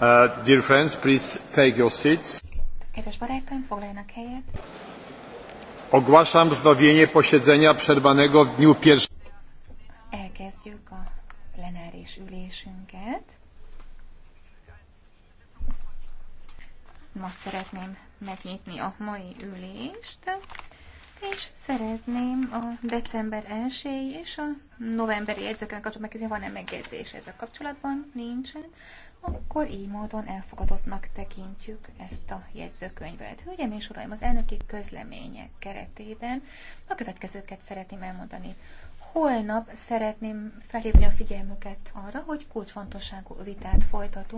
Uh, dear friends, please take your seats. Kedves barátaim, foglaljanak helyet. Ogłaszam wznowienie posiedzenia przerwanego w dniu pierwszym. Elkezdjük a plenáris ülésünket. Most szeretném megnyitni a mai ülést, és szeretném a december 1 és a novemberi jegyzőkönyvön kapcsolatban megkezdeni, van-e megjegyzés ezzel kapcsolatban? Nincsen akkor így módon elfogadottnak tekintjük ezt a jegyzőkönyvet. Hölgyeim és uraim, az elnöki közlemények keretében a következőket szeretném elmondani. Holnap szeretném felhívni a figyelmüket arra, hogy kulcsfontosságú vitát folytatunk.